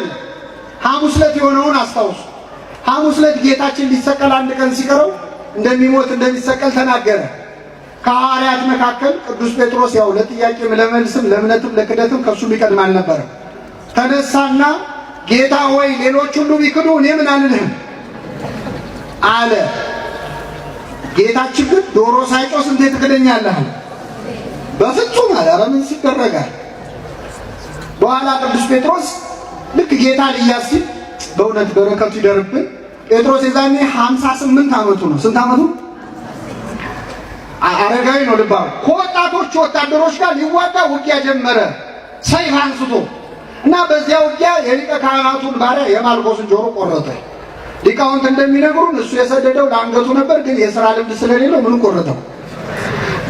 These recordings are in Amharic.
ቀን ሐሙስ ዕለት የሆነውን አስታውሱ። ሐሙስ ዕለት ጌታችን ሊሰቀል አንድ ቀን ሲቀረው እንደሚሞት እንደሚሰቀል ተናገረ። ከሐዋርያት መካከል ቅዱስ ጴጥሮስ ያው ለጥያቄም ለመልስም ለእምነትም ለክደትም ከእሱ ቢቀድም አልነበረም። ተነሳና ጌታ ሆይ ሌሎች ሁሉ ቢክዱ እኔ ምን አልልህም አለ። ጌታችን ግን ዶሮ ሳይጮስ እንዴት ትክደኛለህ? በፍጹም አለ። ኧረ ምን ይደረጋል? በኋላ ቅዱስ ጴጥሮስ ልክ ጌታ ልያዝ ሲል በእውነት በረከቱ ይደርብን። ጴጥሮስ የዛኔ 58 ስምንት ዓመቱ ነው። ስንት ዓመቱ? አረጋዊ ነው። ልባ ከወጣቶች ወታደሮች ጋር ሊዋጋ ውጊያ ጀመረ፣ ሰይፍ አንስቶ እና በዚያ ውጊያ የሊቀ ካህናቱን ባሪያ የማልቆስን ጆሮ ቆረጠ። ሊቃውንት እንደሚነግሩን እሱ የሰደደው ለአንገቱ ነበር፣ ግን የሥራ ልምድ ስለሌለው ምን ቆረጠው?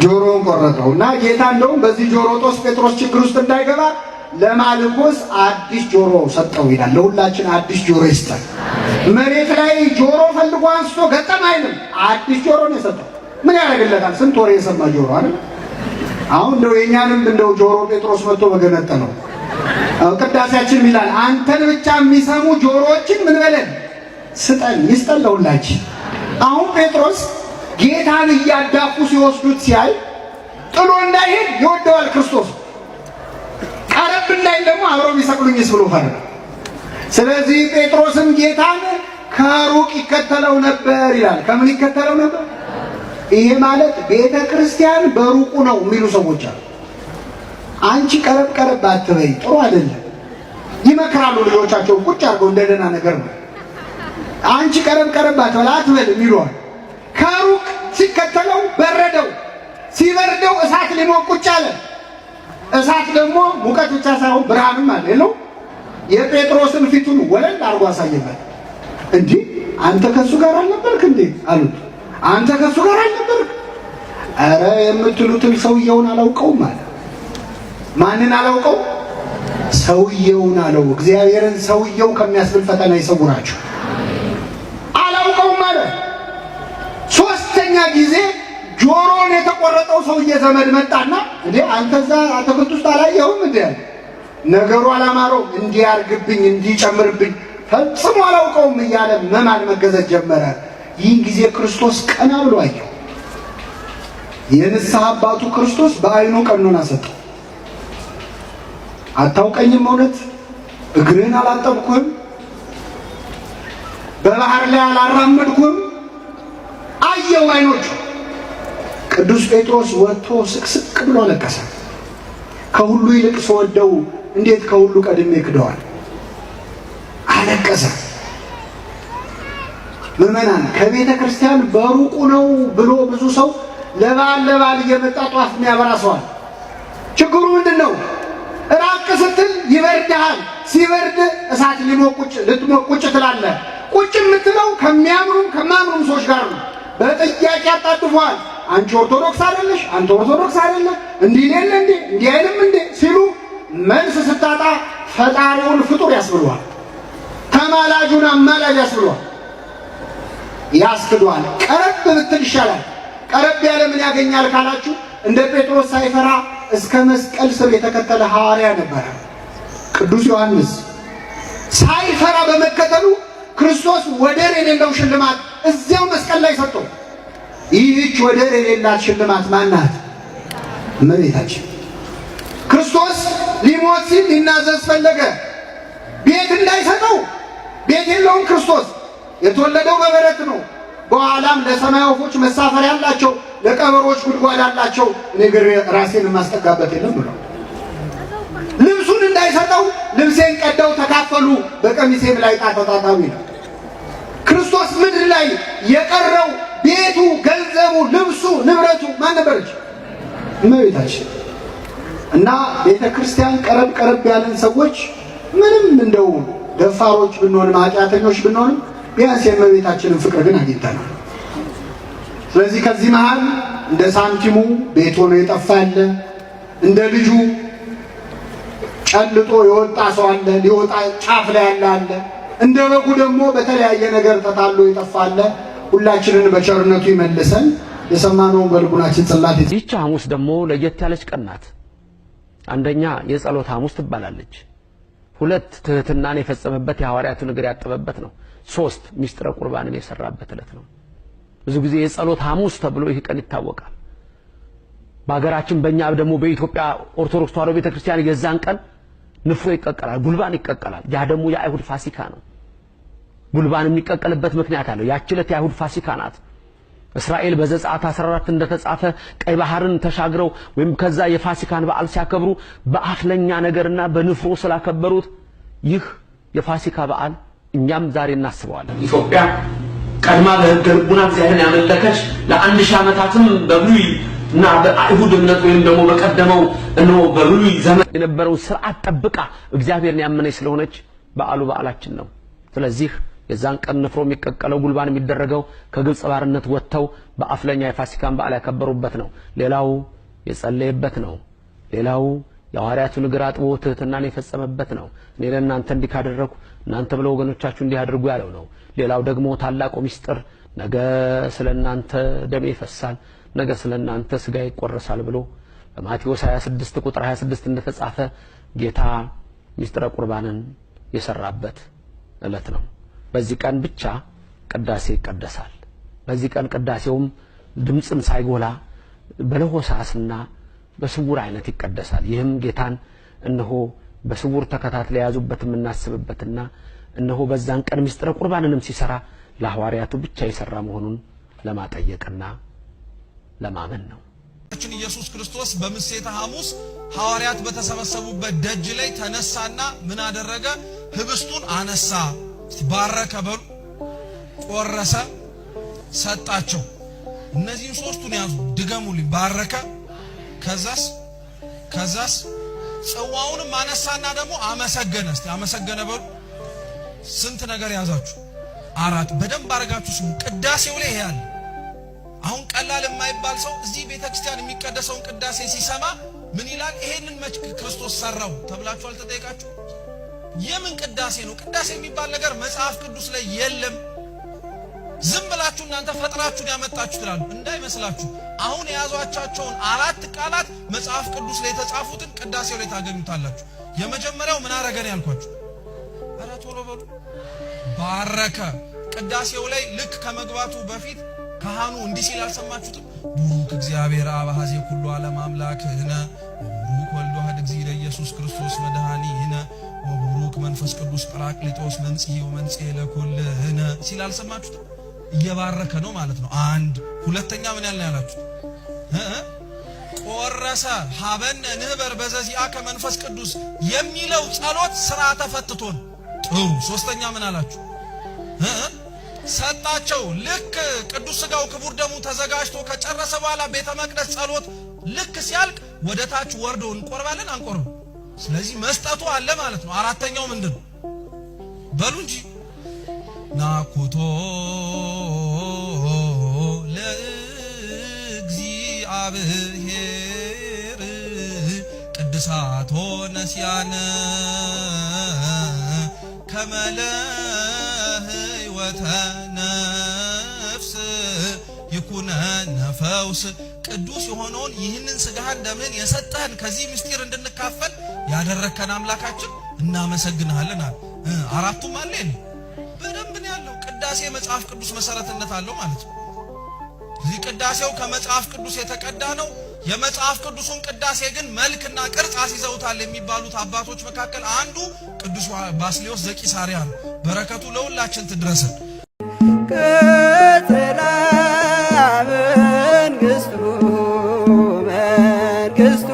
ጆሮውን ቆረጠው። እና ጌታ እንደውም በዚህ ጆሮ ጦስ ጴጥሮስ ችግር ውስጥ እንዳይገባ ለማልኮስ አዲስ ጆሮ ሰጠው ይላል። ለሁላችን አዲስ ጆሮ ይስጠን። መሬት ላይ ጆሮ ፈልጎ አንስቶ ገጠም አይልም። አዲስ ጆሮ ነው የሰጠው። ምን ያደርግለታል? ስንት ወሬ የሰማ ጆሮ አይደል? አሁን እንደው የእኛንም እንደው ጆሮ ጴጥሮስ መጥቶ ነው ቅዳሴያችን ይላል አንተን ብቻ የሚሰሙ ጆሮዎችን ምን በለን ስጠን፣ ይስጠን ለሁላችን። አሁን ጴጥሮስ ጌታን እያዳፉ ሲወስዱት ሲያይ ጥሎ እንዳይሄድ ይወደዋል ክርስቶስ አረብ ላይ ደግሞ አብረው ቢሰቅሉኝስ ብሎ ፈረ። ስለዚህ ጴጥሮስም ጌታን ከሩቅ ይከተለው ነበር ይላል። ከምን ይከተለው ነበር? ይሄ ማለት ቤተ ክርስቲያን በሩቁ ነው የሚሉ ሰዎች አሉ። አንቺ ቀረብ ቀረብ አትበይ፣ ጥሩ አይደለም ይመክራሉ። ልጆቻቸው ቁጭ አድርገው እንደ ደህና ነገር ነው። አንቺ ቀረብ ቀረብ አትበል አትበል የሚለዋል። ከሩቅ ሲከተለው በረደው፣ ሲበርደው እሳት ሊሞቅ ቁጭ አለ። እሳት ደግሞ ሙቀት ብቻ ሳይሆን ብርሃንም አለ ነው። የጴጥሮስን ፊቱን ወለል አድርጎ አሳየበት። እንዲህ አንተ ከሱ ጋር አልነበርክ እንዴ አሉት። አንተ ከሱ ጋር አልነበርክ? ኧረ የምትሉትን ሰውየውን አላውቀውም አለ። ማንን አላውቀው? ሰውየውን አለው። እግዚአብሔርን ሰውየው ከሚያስብል ፈተና ይሰውራችሁ። ሰውዬ ዘመድ መጣና እንዴ አንተ እዛ አትክልት ውስጥ አላየሁም እንዴ? ነገሩ አላማረው እንዲያርግብኝ እንዲጨምርብኝ ፈጽሞ አላውቀውም እያለ መማል መገዘት ጀመረ። ይህን ጊዜ ክርስቶስ ቀና ብሎ አየው። የንስሐ አባቱ ክርስቶስ በአይኑ ቀኖና ሰጠው። አታውቀኝም? እውነት እግርህን አላጠብኩህም? በባህር ላይ አላራመድኩም አየው አይኖቹ ቅዱስ ጴጥሮስ ወጥቶ ስቅስቅ ብሎ ለቀሰ። ከሁሉ ይልቅ ስወደው እንዴት ከሁሉ ቀድሜ ክደዋል? አለቀሰ። ምዕመናን ከቤተ ክርስቲያን በሩቁ ነው ብሎ ብዙ ሰው ለበዓል ለበዓል እየመጣ ጧፍ የሚያበራ ሰዋል። ችግሩ ምንድን ነው? ራቅ ስትል ይበርድሃል። ሲበርድ እሳት ሊሞቁጭ ልትሞቁጭ ትላለህ። ቁጭ የምትለው ከሚያምሩም ከማምሩም ሰዎች ጋር ነው። በጥያቄ አጣጥፏል?። አንቺ ኦርቶዶክስ አይደለሽ፣ አንተ ኦርቶዶክስ አይደለ፣ እንዲህ ሌለ እንዴ እንዲህ አይልም እንዴ ሲሉ መልስ ስታጣ ፈጣሪውን ፍጡር ያስብሏል። ተማላጁን አማላጅ ያስብሏል፣ ያስክዷል። ቀረብ ብትል ይሻላል። ቀረብ ያለ ምን ያገኛል ካላችሁ እንደ ጴጥሮስ ሳይፈራ እስከ መስቀል ስር የተከተለ ሐዋርያ ነበረ ቅዱስ ዮሐንስ። ሳይፈራ በመከተሉ ክርስቶስ ወደር የሌለው ሽልማት እዚያው መስቀል ላይ ሰጠው። ይህች ወደር የሌላት ሽልማት ማናት? እመቤታችን። ክርስቶስ ሊሞት ሲል ሊናዘዝ ፈለገ። ቤት እንዳይሰጠው ቤት የለውም ክርስቶስ የተወለደው በበረት ነው። በኋላም ለሰማይ ወፎች መሳፈሪያ አላቸው፣ ለቀበሮች ጉድጓድ አላቸው፣ ንግር ራሴን የማስጠጋበት የለም ብለው ልብሱን እንዳይሰጠው ልብሴን ቀደው ተካፈሉ፣ በቀሚሴም ላይ ጣ ተጣጣሚ ነው። ክርስቶስ ምድር ላይ የቀረው ቤቱ፣ ገንዘቡ፣ ልብሱ፣ ንብረቱ ማን ነበረች? እመቤታችን። እና ቤተ ክርስቲያን ቀረብ ቀረብ ያለን ሰዎች ምንም እንደው ደፋሮች ብንሆንም ኃጢአተኞች ብንሆንም ቢያንስ የእመቤታችንን ፍቅር ግን አግኝተናል። ስለዚህ ከዚህ መሃል እንደ ሳንቲሙ ቤት ሆኖ የጠፋ ያለ እንደ ልጁ ጨልጦ የወጣ ሰው አለ፣ ሊወጣ ጫፍ ላይ ያለ አለ። እንደ በጉ ደግሞ በተለያየ ነገር ተታሎ የጠፋ አለ። ሁላችንን በቸርነቱ ይመልሰን። የሰማነውን በልቡናችን ጽላት። ይቺ ሐሙስ ደግሞ ለየት ያለች ቀን ናት። አንደኛ የጸሎት ሐሙስ ትባላለች። ሁለት ትህትናን የፈጸመበት የሐዋርያቱን እግር ያጠበበት ነው። ሶስት ሚስጥረ ቁርባንን የሰራበት ዕለት ነው። ብዙ ጊዜ የጸሎት ሐሙስ ተብሎ ይህ ቀን ይታወቃል። በሀገራችን በእኛ ደግሞ በኢትዮጵያ ኦርቶዶክስ ተዋሕዶ ቤተክርስቲያን የዛን ቀን ንፍሮ ይቀቀላል፣ ጉልባን ይቀቀላል። ያ ደግሞ የአይሁድ ፋሲካ ነው። ጉልባን የሚቀቀልበት ምክንያት አለው። ያች ዕለት የአይሁድ ፋሲካ ናት። እስራኤል በዘጸአት 14 እንደተጻፈ ቀይ ባህርን ተሻግረው ወይም ከዛ የፋሲካን በዓል ሲያከብሩ በአፍለኛ ነገርና በንፍሮ ስላከበሩት ይህ የፋሲካ በዓል እኛም ዛሬ እናስበዋለን። ኢትዮጵያ ቀድማ በሕገ ልቡና እግዚአብሔርን ያመለከች ለአንድ ሺህ ዓመታትም በብሉይ እና በአይሁድ እምነት ወይም ደግሞ በቀደመው እኖ በብሉይ ዘመን የነበረውን ስርዓት ጠብቃ እግዚአብሔርን ያመነች ስለሆነች በዓሉ በዓላችን ነው። ስለዚህ የዛን ቀን ንፍሮ የሚቀቀለው ጉልባን የሚደረገው ከግብፅ ባርነት ወጥተው በአፍለኛ የፋሲካን በዓል ያከበሩበት ነው። ሌላው የጸለየበት ነው። ሌላው የሐዋርያቱን እግር አጥቦ ትህትናን የፈጸመበት ነው። እኔ ለእናንተ እንዲህ ካደረግኩ እናንተ ብለው ወገኖቻችሁ እንዲህ አድርጉ ያለው ነው። ሌላው ደግሞ ታላቁ ሚስጥር ነገ ስለ እናንተ ደሜ ይፈሳል፣ ነገ ስለ እናንተ ስጋ ይቆረሳል ብሎ በማቴዎስ 26 ቁጥር 26 እንደተጻፈ ጌታ ሚስጥረ ቁርባንን የሰራበት ዕለት ነው። በዚህ ቀን ብቻ ቅዳሴ ይቀደሳል። በዚህ ቀን ቅዳሴውም ድምፅም ሳይጎላ በለሆሳስና በስውር አይነት ይቀደሳል። ይህም ጌታን እነሆ በስውር ተከታትለ የያዙበት የምናስብበትና እነሆ በዛን ቀን ምስጢረ ቁርባንንም ሲሰራ ለሐዋርያቱ ብቻ የሰራ መሆኑን ለማጠየቅና ለማመን ነው። ጌታችን ኢየሱስ ክርስቶስ በምሴተ ሐሙስ ሐዋርያት በተሰበሰቡበት ደጅ ላይ ተነሳና ምን አደረገ? ህብስቱን አነሳ። ባረከ በሉ፣ ቆረሰ፣ ሰጣቸው። እነዚህን ሶስቱን ያዙ፣ ድገሙልኝ። ባረከ፣ ከዛስ ከዛስ ጽዋውንም አነሳና ደግሞ አመሰገነ። እስቲ አመሰገነ በሉ። ስንት ነገር ያዛችሁ? አራት። በደንብ አድርጋችሁ ስሙ። ቅዳሴው ላይ ያለ አሁን ቀላል የማይባል ሰው እዚህ ቤተክርስቲያን የሚቀደሰውን ቅዳሴ ሲሰማ ምን ይላል? ይሄንን መች ክርስቶስ ሰራው ተብላችሁ አልተጠየቃችሁ? የምን ቅዳሴ ነው? ቅዳሴ የሚባል ነገር መጽሐፍ ቅዱስ ላይ የለም። ዝም ብላችሁ እናንተ ፈጥራችሁ ያመጣችሁ ትላሉ። እንዳይመስላችሁ አሁን የያዟቻቸውን አራት ቃላት መጽሐፍ ቅዱስ ላይ የተጻፉትን ቅዳሴው ላይ ታገኙታላችሁ። የመጀመሪያው ምን አረገን ያልኳችሁ፣ ኧረ ቶሎ በሉ ባረከ። ቅዳሴው ላይ ልክ ከመግባቱ በፊት ካህኑ እንዲህ ሲል አልሰማችሁትም? ቡሩክ እግዚአብሔር አብ ኩሉ ዓለም ህነ ቡሩክ ወልድ ዋሕድ እግዚእነ ኢየሱስ ክርስቶስ ህነ ወቡሩክ መንፈስ ቅዱስ ጰራቅሊጦስ መምጽሔ ወመምጽሔ ለኩልህነ ሲል አልሰማችሁት? እየባረከ ነው ማለት ነው። አንድ ሁለተኛ ምን ያልን ያላችሁት? ቆረሰ ሀበነ ንህበር በዘዚአከ መንፈስ ቅዱስ የሚለው ጸሎት ስራ ተፈትቶን ጥሩ። ሶስተኛ ምን አላችሁ? ሰጣቸው ልክ ቅዱስ ስጋው ክቡር ደሙ ተዘጋጅቶ ከጨረሰ በኋላ ቤተ መቅደስ ጸሎት ልክ ሲያልቅ ወደ ታች ወርዶ እንቆርባለን አንቆርብ ስለዚህ መስጠቱ አለ ማለት ነው። አራተኛው ምንድን ነው በሉ እንጂ ናኩቶ ለእግዚአብሔር ቅድሳቶ ነስያነ ከመለህ ወተና ነህና ቅዱስ የሆነውን ይህንን ስጋህን ደምህን የሰጠህን ከዚህ ምስጢር እንድንካፈል ያደረከን አምላካችን እናመሰግንሃለን አለ። አራቱም አለ ነው በደንብ ነው ያለው። ቅዳሴ መጽሐፍ ቅዱስ መሰረትነት አለው ማለት ነው። እዚህ ቅዳሴው ከመጽሐፍ ቅዱስ የተቀዳ ነው። የመጽሐፍ ቅዱሱን ቅዳሴ ግን መልክና ቅርጽ አስይዘውታል የሚባሉት አባቶች መካከል አንዱ ቅዱስ ባስሌዎስ ዘቂሳሪያ ነው። በረከቱ ለሁላችን ትድረሰን። Cause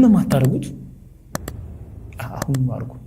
ምንድን ነው የማታደርጉት? አሁን አድርጉ።